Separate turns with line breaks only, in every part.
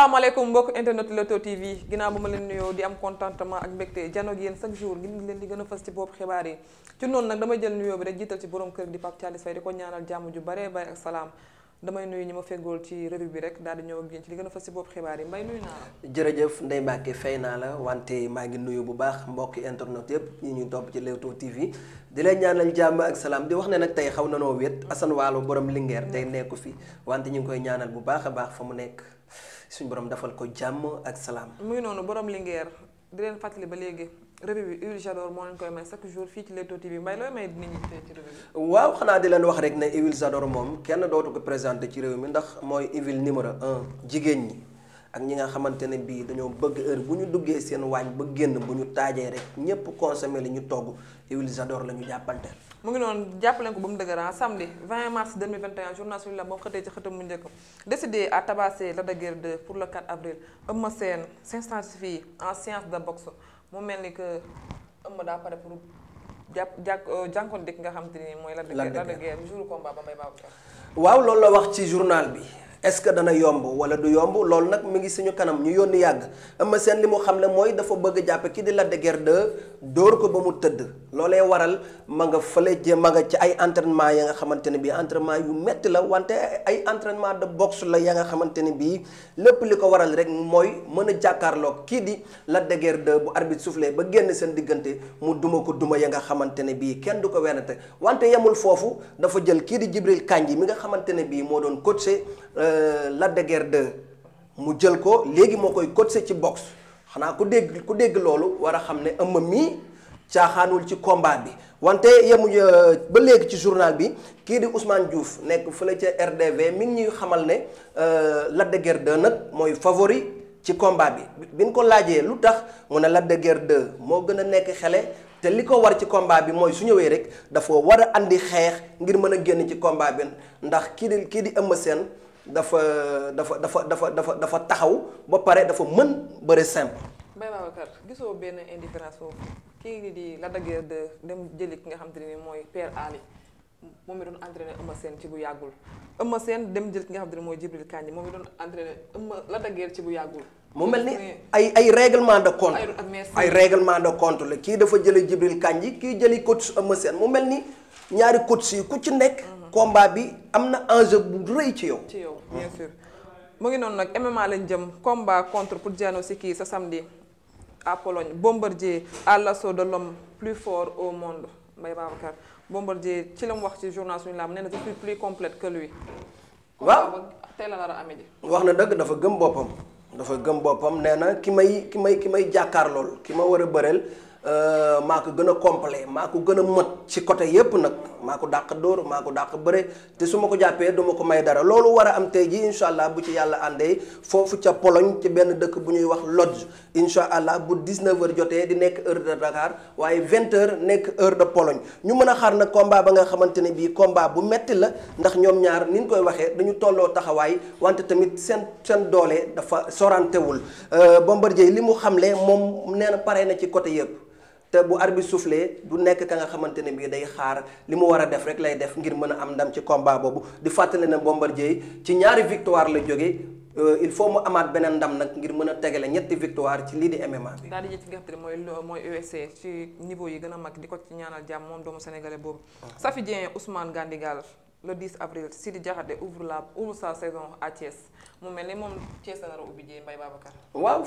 asalaamaaleykum mbokk internet Leewtoo TV ginnaaw ba ma leen nuyoo di am contentement ak mbégte jano ak yéen chaque jour ngir leen di gën a fës ci boobu xibaar yi ci noonu nag damay jël nuyoo bi rek jiital ci borom kër di Pape Thialis Faye di ko ñaanal jàmm ju bare bare ak ci revue bi rek daal di ñëw ak yéen ci li gën a fës ci boobu xibaar yi mbay nuyu
naa la jërëjëf Ndeye Mbacke fay naa la wante maa ngi nuyoo bu baax mbokk internet yépp ñi ñuy topp ci Leewtoo TV di leen ñaanal jàmm ak salaam di wax ne nag tey xaw nanoo wét Assane Waalo borom Linguère tey nekku fi wante ñu ngi koy ñaanal bu baax a baax fa mu nekk suñu borom defal ko jàmm ak salaam.
muy noonu borom Linguère di leen fàttali ba léegi. revue bi huile j'adore moo leen koy may chaque jour fii ci Leewtoo TV mbay looy may nit ñi tey ci revue
bi. waaw xanaa di leen wax rek ne huile moom kenn dootu ko présenté ci réew mi ndax mooy huile numéro un jigéen ñi. ak ñi nga xamante ne bii dañoo bëgg heure bu ñu duggee seen waañ ba génn bu ñu taajee rek ñëpp consommé li ñu togg huile j'adore la ñu jàppanteel
mu ngi noonu jàppaleen ko ba mu dëgëran ah, samedi 20 mars 2021 journal suñu la moom xëtee ci xëtam mu njëkk décidé à tabasser Lac de Guiers 2 pour le 4 avril Eumeu Sène s'intensifie en séance de boxe mu mel ni que Eumeu daa pare pour jàpp jàpp euh, jànkoon dëkk nga xam te ni mooy Lac de Guiers Lac de Guiers jour combat ba mbay Babacar
waaw loolu la wax ci journal bi est-ce que dana yomb wala du yomb loolu nag mi ngi suñu kanam ñu yónni yàgg Eumeu seen li mu xam ne mooy dafa bëgg jàppe kii di Lac de dóor ko ba mu tëdd loolee waral ma nga fële je ma nga ci ay entraînement ya nga xamante ne bii entraînement yu metti la wante ay entraînement de boxe la ya nga xamante ne bii lépp li ko waral rek mooy mën a jàkkaarloo kii di Lac de bu arbitre soufflé ba génn seen diggante mu duma ko duma ya nga xamante ne bii kenn du ko te wante yemul foofu dafa jël kii di Jibril Kanji mi nga xamante ne bii moo doon coaché euh, Euh, Lac de Guiers mu jël ko léegi moo koy coacher ci boxe xanaa ku dégg ku dégg loolu war a xam ne ëmb mii caaxaanul ci combat bi wante yemu euh, ba léegi ci journal bi kii di Ousmane Diouf nekk fële ca RDV mi ngi ñuy xamal ne euh, Lac de Guiers 2 nag mooy favori ci combat bi bi ñu ko laajee lu tax mu ne Lac de moo gën a nekk xele te li ko war ci combat bi mooy su ñëwee rek dafa war a andi xeex ngir mën a génn ci combat bi ndax kii di kii di Eumeu Sène dafa dafa dafa dafa dafa dafa taxaw ba pare dafa mën bëre simple.
Mbaye Babacar gisoo benn indifférence foofu kii di la dagg de dem jëli ki nga xam te ne mooy Père Ali moom mi doon entraîné Eumeu Sène ci bu yàggul Eumeu seen dem jël ki nga xam te ne mooy Djibril Kandji moom mi doon entraîné Eumeu la dagg ci bu yàggul.
mu mel ni ay ay règlement de compte ay réglement de compte la kii dafa jëli Djibril Kandji kii jëli coach Eumeu Sène mu mel ni ñaari coach yi ku ci nekk. Mm. combat bi am na enjeu bu rëy ci yow.
ci yow bien sûr mu ngi noonu nag MMA lañ jëm combat contre si kii sa samedi à Pologne Bombardier à la so de l'homme plus for au monde Mbaye Babacar Bombardier ci la mu wax ci journal suñu laam nee na je suis plus complète que lui. waaw tey la nar a amee
wax na dëgg dafa gëm boppam. dafa gëm boppam nee na ki may ki may ki may jàkkaar lool ki ma war a bëreel. Euh, maa ko gën a complet maa ko gën a mët ci côté yépp nag maa ko dàq dóor maa ko dàq bëre te su ma ko jàppee duma ko may dara loolu war a am tey ji incha allah bu ci yàlla àndee foofu ca Pologne ci benn dëkk bu ñuy wax Lodz incha allah bu 19h jotee di nekk heure de Dakar waaye 20 nekk heure de Pologne ñu mën a xaar nag combat ba nga xamante ne bii combat bu metti la ndax ñoom ñaar ni ñu koy waxee dañu tolloo taxawaay wante tamit seen seen doole dafa sorantewul euh, Bombardier li mu xamle moom nee na pare na ci côté yépp te bu arbitre soufflé du nekk ka nga xamante ne bii day xaar li mu war a def rek lay def ngir mën a am ndam ci combat boobu di fàttale fàttali ne Bombardier ci ñaari victoire la jóge euh, il faut mu amaat beneen ndam nag ngir mën a tegale ñetti victoire ci lii di MMA bi.
daal di ci gerte mooy mooy UFC e yi gën a mag di ko ci ñaanal jàmm moom doomu sénégalais boobu. sa ah. Safi Dieng Ousmane Gandigal le 10 avril Sidi Diakhaté ouvre la ouvre sa saison à Thiès mu mel ni moom Thiès la nar a ubbi Mbaye Babacar.
waaw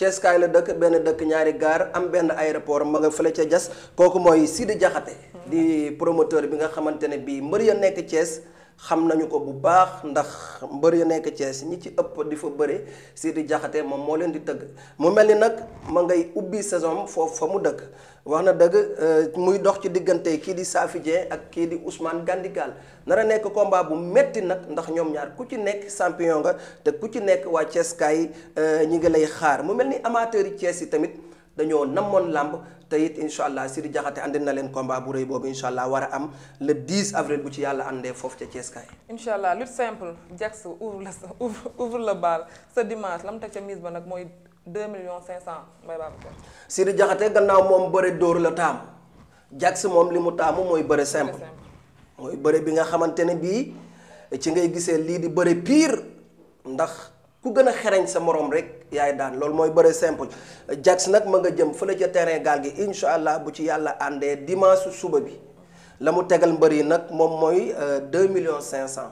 Thiès kaay la dëkk benn dëkk ñaari gaar am benn aéroport ma nga fële ca jas kooku mooy Sidi Diakhaté di promoteur bi nga xamante ne bii mbër ya nekk Thiès xam nañu ko bu baax ndax mbër yu nekk Thiès ñi ci ëpp di fa bëre di Diakhaté moom moo leen di tëgg mu mel ni nag ma ngay ubbi saison foofu fa mu dëkk wax na dëgg euh, muy dox ci diggante kii di Safi ak kii di Ousmane Gandigal nar nekk combat bu metti nag ndax ñoom ñaar ku ci nekk sampion nga te ku ci nekk waa Thiès kaay euh, ñi ngi lay xaar mu mel ni amateurs yi Thiès yi tamit dañoo namoon làmb te it incha allah Sidi Diakhaté andi na leen combat bu rëy boobu incha war a am le 10 avril bu ci yàlla àndee foofu ca Thiès kaay.
incha allah lutte simple Jax ouvre la sa ouvre la balle ce dimanche la ca mise ba nag mooy 2 millions 500 mbay Babacar.
Sidi Diakhaté gannaaw moom bëre dóor la taamu Jax moom li mu taamu mooy bëre simple. mooy bëre bi nga xamante ne bii ci ngay gisee lii di bëre pire ndax. ku gën a xereñ sa morom rek yaay daan loolu mooy bëre simple Jax nag ma nga jëm fële ca terrain gaal gi incha allah bu ci yàlla àndee dimanche suba bi la mu tegal mbër yi nag moom mooy 2 euh, millions 500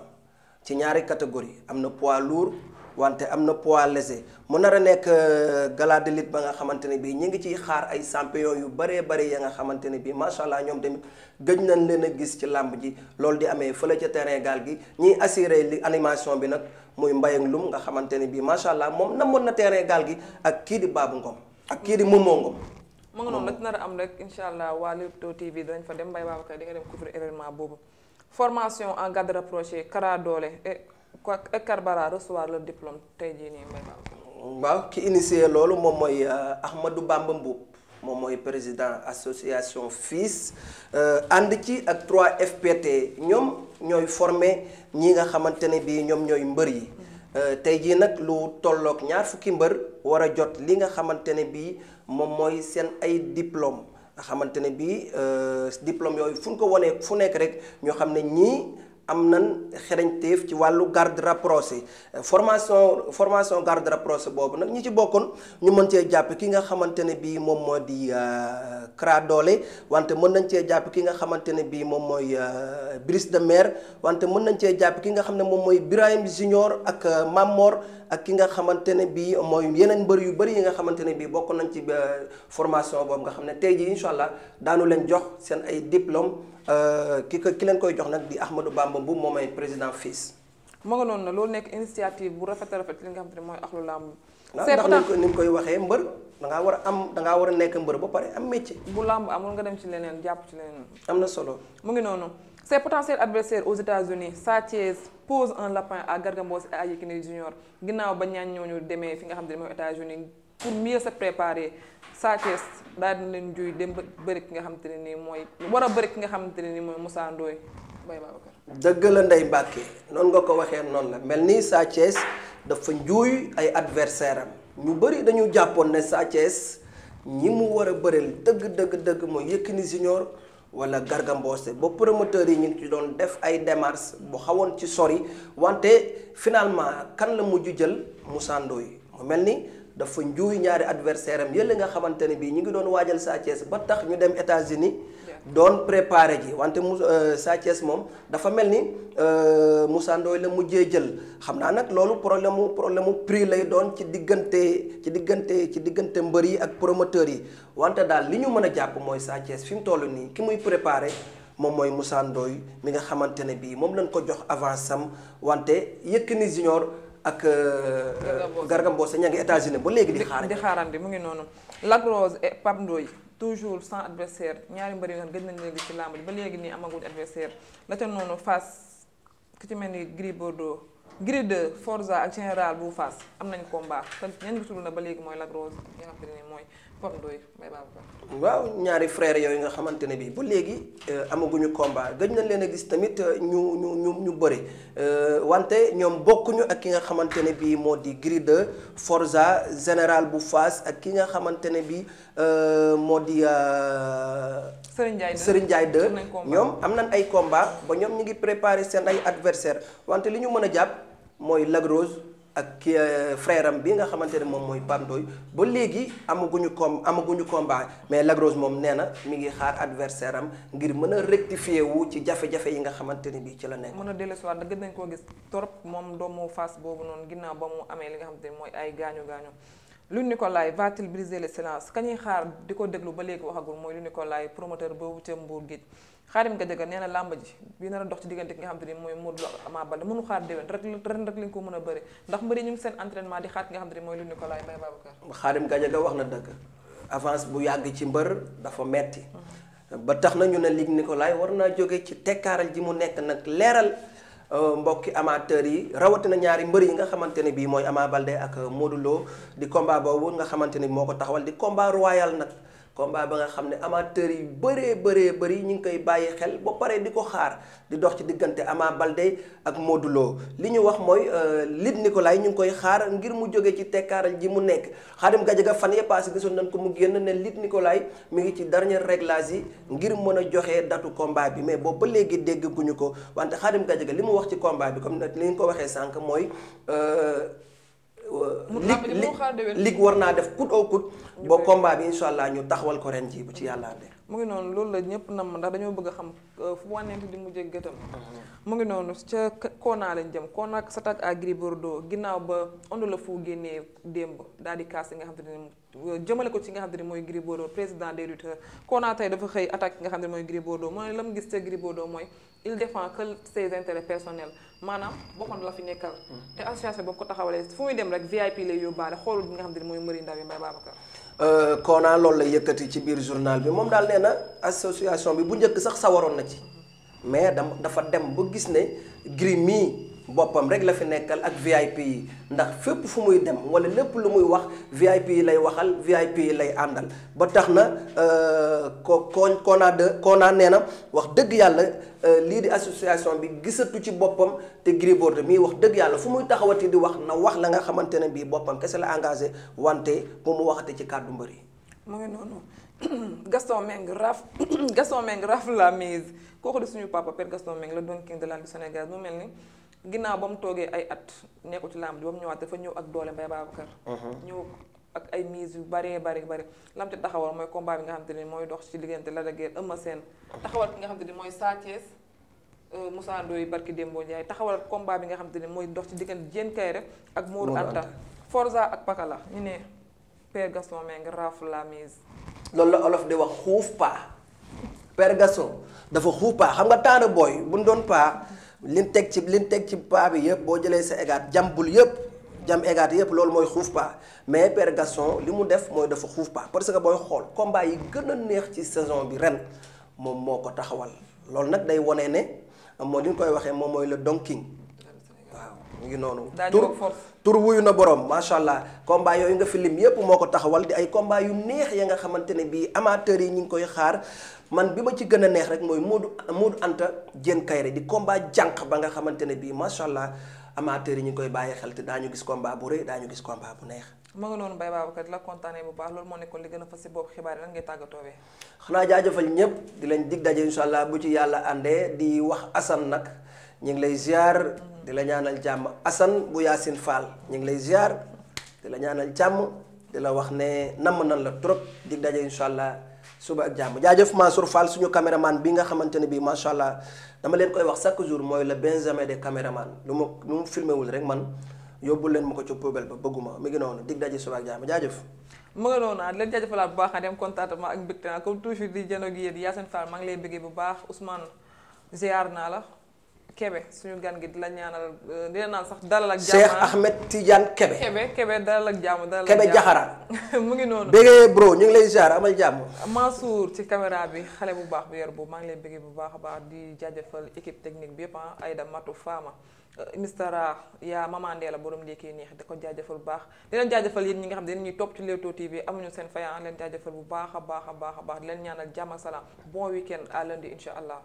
ci ñaari catégorie am na poids lourd wante am na poids léger mu nar a nekk euh, gala de lutte ba nga xamante ne bii ñu ngi ciy xaar ay sampion yu bëree bëri ya nga xamante ne bii macha allah ñoom tamit gëj nañ leen a gis ci làmb ji loolu di amee fële ci terrain gaal gi ñiy assuré li animation bi nag muy Mbayang Loum nga xamante ne bii macha allah moom namoon na terrain gaal gi ak kii di baabu Ngom ak kii di Momo Ngom.
mu nga noonu nag nar a am rek incha allah waa Leewtoo TV danañ fa dem Mbaye Babacar di nga dem couvrir événement boobu formation en garde rapprochée quoi Karbala recevoir le diplôme tey jii nii
waaw ki initié loolu moom mooy euh, Ahmadou bàmba Mbuub moom mooy président association FIS euh, ànd ci ak 3FPT ñoom ñooy forme ñi nga xamante ne bii ñoom ñooy mbër yi euh, tey jii nag lu tollook ñaar fukki mbër war a jot li nga xamante ne bii moom mooy seen ay diplôme nga xamante ne bii diplôme yooyu fu ñu ko wanee fu nekk rek ñoo xam ne ñii am nan xereñteef ci wàllu garde rapproché euh, formation formation garde rapproché boobu nag ñi ci bokkoon ñu mën cee jàpp ki nga xamante ne bii moom moo di Kara euh, Dollé wante mën nañ cee jàpp ki nga xamante ne bii moom mooy euh, Brice de Mer wante mën nañ cee jàpp ki nga xam ne moom mooy Birahim Junior ak Mamor ak ki nga xamante ne bii mooy yeneen mbër yu bëri yi nga xamante ne bii bokk nañ ci euh, formation boobu nga xam ne tey jii incha allah daanu leen jox seen ay diplôme euh, ki ko ki leen koy jox nag di Ahmadou Bamba Mbuub moom ay président FILS.
ma nga noonu na loolu nekk initiative bu rafet a rafet li nga xam ne mooy axlu làmb.
Ah, c'est ndax ni ñu koy waxee mbër da ngaa war a am da war a nekk mbër ba pare am métier. bu làmb
amul nga dem ci leneen jàpp ci leneen. am na solo mu ngi noonu. Ses potentiels adversaires aux États-Unis Sa Thiès pose un lapin à Garga Mbossé et à Yékini Junior ginnaaw ba ñaan ñu demee fi nga xam ne mooy États-Unis pour mieux se préparer Sa Thiès daal leen juy dem bëri ki nga xam ne nii mooy war a bëri ki nga xam te ne nii mooy Moussa Ndoye Baye Babacar.
dëgg la Ndeye Mbacke noonu nga ko waxee noonu la mel ni Sa Thiès dafa njuuy ay adversaire am ñu bëri dañu jàppoon ne Sa ñi mu war a bëreel dëgg dëgg dëgg mooy Yékini Junior. wala Garga ba promoteurs yi ñu ngi ci doon def ay démarches bu xawoon ci sori wante finalement kan la mujj jël Moussa yi mu mel ni dafa njuuy ñaari adversaire am yële nga xamante ne bii ñu ngi doon waajal Sa Thiès ba tax ñu dem États-Unis doon préparé ji wante mu euh, Sa Thiès moom dafa mel ni euh, Moussa ndooy la mujjee jël xam naa nag loolu problème mu problème mu prix lay doon ci diggante ci diggante ci diggante mbër yi ak promoteurs yi wante daal li ñu mën a jàpp mooy Sa Thiès fi mu toll nii ki muy préparé moom mooy Moussa Ndoye mi nga xamante ne bii moom lañ ko jox avance sam wante yëkk ni Junior ak euh, Garga Mbossé ña ngi États-Unis ba léegi di xaarandi mu ngi noonu Lac Rose et Pape Ndoye
toujours sans adversaire ñaari mbëri yoon gëj nañ léegi ci làmb ji ba léegi nii amagul adversaire la ca noonu face ki ci mel ni Gris Bordeaux Gris 2 Forza ak général bu fas am nañ combat te ñan gisul na ba léegi mooy Lac Rose nga xamante ne mooy Pape
waaw ñaari frères yooyu nga xamante ne bii ba léegi euh, amaguñu combat gëj nañ leen a gis tamit euh, ñu ñu ñu ñu bëri euh, wante ñoom bokkuñu ak ki nga xamante ne bii moo di Gris 2 Forza général bu Fass ak ki nga xamante ne bii moo di.
Serigne Ndiaye 2 Serigne Ndiaye 2 ñoom
am nañ ay combat ba ñoom ñu ngi préparé seen ay adversaire wante li ñu mën a jàpp mooy lagrose ak ki euh, frère am bi nga xamante ne moom mooy Pandoy ba léegi amaguñu com amaguñu combat mais lagrose moom nee na mi ngi xaar adversaire am ngir mën a rectifier wu ci jafe-jafe yi nga xamante ni bii ci la nekk.
mën a dellusiwaat da gën nañ ko gis trop moom doomu Fass boobu noonu ginnaaw ba mu amee li nga xamante ne mooy ay gaañu gaañu. lu Nicolai va-t-il kañuy xaar di ko déglu ba léegi waxagul mooy lu Nicolai promoteur boobu ca Mbour géej Khadim Gadiaga nee na làmb ji bi a dox ci diggante ki nga xam te a di mooy lu Nicolai Mbaye Babacar
Khadim Gadiaga wax na dëgg avance bu yàgg ci mbër dafa metti ba tax na ñu ne Luc Nicolai war naa jóge ci tekkaaral ji mu nekk nag leeral Euh, mbokki amateur yi rawatina ñaari mbër yi nga xamante ne bii mooy Ama Baldé ak Modou di combat boobu nga xamante ne moo ko taxawal di combat royal nag. combat ba nga xam ne amateurs yi bëree bëree yi ñu ngi koy bàyyi xel ba pare di ko xaar di dox ci diggante Ama Baldé ak Modou li ñu wax mooy euh, Luc Nicolaï ñu ngi koy xaar ngir mu jóge ci tekkaaral ji mu nekk Khadim ga fan yee passé gisoon nañ ko mu génn ne Luc Nicolaï mi ngi ci dernier réglage yi ngir mën a joxe datu combat bi mais boobu ba léegi dégg guñu ko wante Khadim Gadiaga li mu wax ci combat bi comme li nga ko waxee sànq mooy euh, lig lig war naa def kut au kut ba combat bi incha allah ñu taxawal ko ren ji bu ci yàlla andee
mu ngi noonu loolu la ñëpp nam ndax dañoo bëgg xam euh, fu wànneenti di mujjee gëtam mm-hmm. mu ngi noonu ca Kona lañ jëm Kona ak Satak à Gris ginnaaw ba Onde le génnee démb daal di kaas yi nga xam te euh, ko ci nga xam te ne mooy Gris Bordeaux président des lutteurs Kona tey dafa xëy attaque nga xam te ne mooy Gris Bordeaux mu gis ca Gris Bordeaux mooy il défend que ses intérêts personnels maanaam boppam la fi nekkal mm-hmm. te association boobu ko taxawalee fu muy dem rek VIP lay yóbbaale xoolul bi nga xam ne mooy mbëri ndaw yi
Euh, Kona loolu la yëkkati ci biir journal bi moom daal nee na association bi bu njëkk sax sawaroon na ci mais dama dafa dem ba gis ne Gris mii boppam rek la fi nekkal ak VIP yi ndax fépp fu muy dem wala lépp lu muy wax VIP yi lay waxal VIP yi lay àndal ba tax na euh, ko ko koonaa de koonaa nee na wax dëgg yàlla euh, lii di association bi gisatu ci boppam te Gris Bordeaux mii wax dëgg yàlla fu muy taxawati di wax na wax la nga xamante ne bii boppam kese la engagé wante bu mu waxate ci kàddu mbër yi
mu ngi noonu Gaston Meng raf Gaston Meng raf la mise kooku di suñu papa per Gaston Meng la Don King de l'arène sénégalaise ginnaaw ba mu toogee ay at nekkul ci làmb mu ñëwaat dafa ñëw ak doole Mbaye Babacar. Uh-huh. ñëw ak ay mise yu baree bari bari lam ci taxawal mooy combat bi nga xam te ni mooy dox ci diggante Lac de Guiers Eumeu Sène uh-huh. taxawal ki xam te ni mooy Sa Thiès euh, Moussa Ndoye barki Dembo Ndiaye taxawal combat bi nga xam te ni mooy dox ci diggante Diène Kaïré ak Mourou Anta Forza ak Pakala ñu ne Père Gaston Mbengue rafle la mise
loolu la olof di wax xuuf paa Père Gaston dafa xuuf paa xam nga taana booy buñ doon paa lin teg ci lin teg ci paa bi yëpp boo jëlee sa égaat jambul yëpp jam égaat yëpp loolu mooy xuuf paa mais Père Gaston li mu def mooy dafa xuuf paa parce que booy xool combat yi gën a neex ci saison bi ren moom moo ko taxawal loolu nag day wone ne moo li ñu koy waxee moom mooy la Don mu noonu tur tur wuyu na borom macha allah combat yooyu nga fi lim yépp moo ko taxawal di ay combat yu neex ya nga xamante ne bii amateurs yi ñu ngi koy xaar man bi ma ci gën a neex rek mooy Modou Modou Anta Diène Kaïré di combat jànq ba nga xamante ne bii macha allah amateurs yi koy bàyyi xel te daañu gis combat bu rëy daañu gis combat bu neex
ma nga noonu Baye Babacar la kontaanee bu baax loolu moo nekkoon li gën a fas si boobu xibaar yi lan ngay tàggatoowee
xanaa jaajëfal ñëpp di leen dig daje incha allah bu ci yàlla àndee di wax Assane nag ñu lay ziar mm-hmm. di la ñaanal jàmm Assane bu Yacine Fall ñu ngi lay ziar di la ñaanal jàmm di la wax ne nam nan la trop di daje incha allah suba ak jàmm jaajëf Mansour Fall suñu caméraman bi nga xamante ne bii macha allah dama leen koy wax chaque jour mooy le benjamin des caméraman lu ma lu mu rek man yóbbu leen ma ko ci poubelle ba bëgguma mi ngi noonu dig daje suba ak jàmm jaajëf. mu nga noonu leen bu baax na dem contentement ak mbégte naa comme toujours di jënd
ak yéen Yacine Fall maa ngi lay bëggee bu baax Ousmane ziar naa la. Kebe suñu gan gi di la ñaanal euh, dina naan sax dalal ak jàmm Cheikh ah. Ahmed Tidiane Kebe. Kebe Kebe dalal ak jàmm dalal ak jàmm Kebe Jaxara mu ngi noonu. bégee bro ñu ngi lay ziar amal jàmm. Mansour ci caméra bi xale bu baax bu yor bu maa ngi lay bu baax a baax di jaajëfal équipe technique bi yëpp ah Aïda Matou Fama. Euh, mistara yaa mamandee la borom léegi neex di ko jaajëfal bu baax di leen jaajëfal yéen ñi nga xam ne dañuy topp ci Leewtoo TV amuñu seen fayan leen jaajëfal bu baax a baax a baax a baax di leen ñaanal jàmm ak salaam bon week-end à lundi incha allah